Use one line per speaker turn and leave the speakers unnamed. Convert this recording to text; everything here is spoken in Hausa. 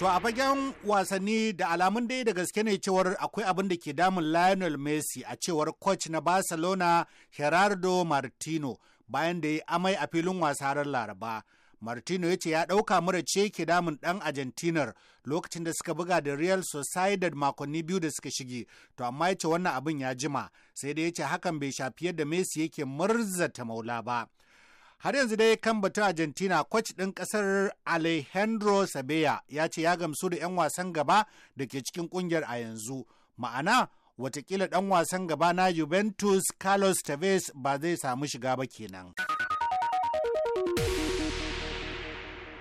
To a fagen wasanni da alamun dai da gaske ne cewar akwai abin da ke damun Lionel Messi a cewar coach na Barcelona Gerardo Martino bayan da ya amai a filin wasa ran Laraba. Martino ya ce ya ɗauka mura ce ke damun ɗan Argentinar lokacin da suka buga da Real Sociedad makonni biyu da suka shige, to amma ya ce wannan abin ya jima, sai dai ya ce hakan bai shafi yadda Messi yake murzata maula ba. Har yanzu dai kan batun Argentina kwac ɗin ƙasar Alejandro Sabella ya ce ya gamsu da 'yan wasan gaba da ke cikin ƙungiyar a yanzu. Ma'ana watakila ɗan wasan gaba na Juventus Carlos Tevez ba zai samu shiga ba kenan.